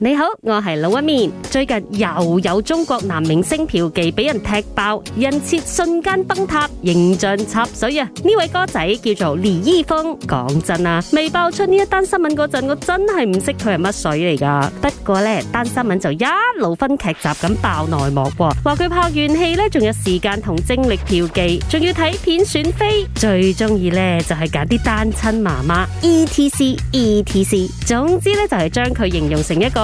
你好，我係老一面。最近又有中國男明星嫖妓俾人踢爆，人設瞬間崩塌，形象插水啊！呢位哥仔叫做李易峰。講真啊，未爆出呢一單新聞嗰陣，我真係唔識佢係乜水嚟㗎。不過呢單新聞就一路分劇集咁爆內幕喎、啊，話佢拍完戲咧，仲有時間同精力嫖妓，仲要睇片選妃，最中意咧就係揀啲單親媽媽，etc etc。總之咧就係、是、將佢形容成一個。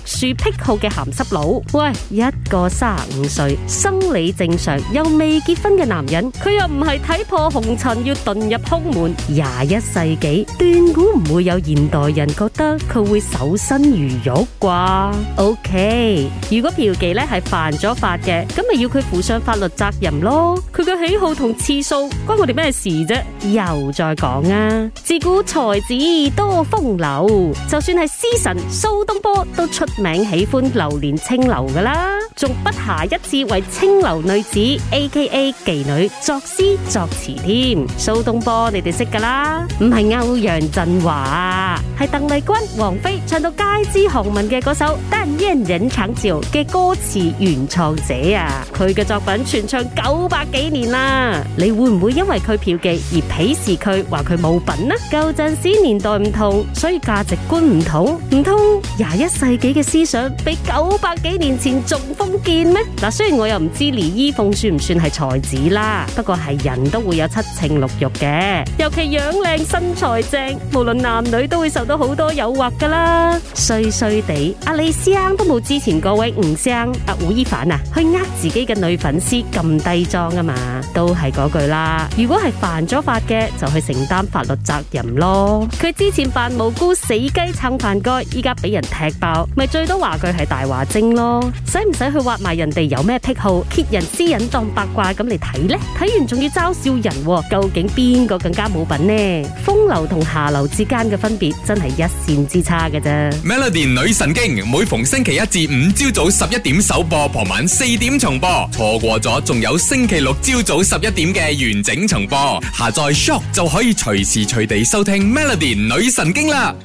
樹癖好嘅鹹濕佬，喂，一個卅五歲生理正常又未結婚嘅男人，佢又唔係睇破紅塵要遁入空門。廿一世紀斷估唔會有現代人覺得佢會守身如玉啩？OK，如果嫖妓咧係犯咗法嘅，咁咪要佢負上法律責任咯。佢嘅喜好同次數關我哋咩事啫？又再講啊！自古才子多風流，就算係詩神蘇東坡都出。名喜歡流連青樓嘅啦。仲不下一次為青樓女子 （A.K.A. 妓女）作詩作詞添。蘇東坡你哋識㗎啦，唔係歐陽震華，係鄧麗君、王菲唱到街知巷聞嘅嗰首《但願人長久》嘅歌詞原創者啊！佢嘅作品全唱九百幾年啦，你會唔會因為佢嫖妓而鄙視佢，話佢冇品呢？舊陣時年代唔同，所以價值觀唔同，唔通廿一世紀嘅思想比九百幾年前仲封？見咩？嗱，雖然我又唔知李依鳳算唔算係才子啦，不過係人都會有七情六欲嘅，尤其樣靚身材正，無論男女都會受到好多誘惑噶啦。衰衰地，阿李生都冇之前嗰位吳生阿吳依凡啊，去呃自己嘅女粉絲咁低裝啊嘛，都係嗰句啦。如果係犯咗法嘅，就去承擔法律責任咯。佢之前扮無辜死雞撐飯蓋，依家俾人踢爆，咪最多話佢係大話精咯，使唔使？去挖埋人哋有咩癖好，揭人私隱，當八卦咁嚟睇呢，睇完仲要嘲笑人，究竟邊個更加冇品呢？風流同下流之間嘅分別真係一線之差嘅啫。Melody 女神經每逢星期一至五朝早十一點首播，傍晚四點重播，錯過咗仲有星期六朝早十一點嘅完整重播，下載 Shock 就可以隨時隨地收聽 Melody 女神經啦。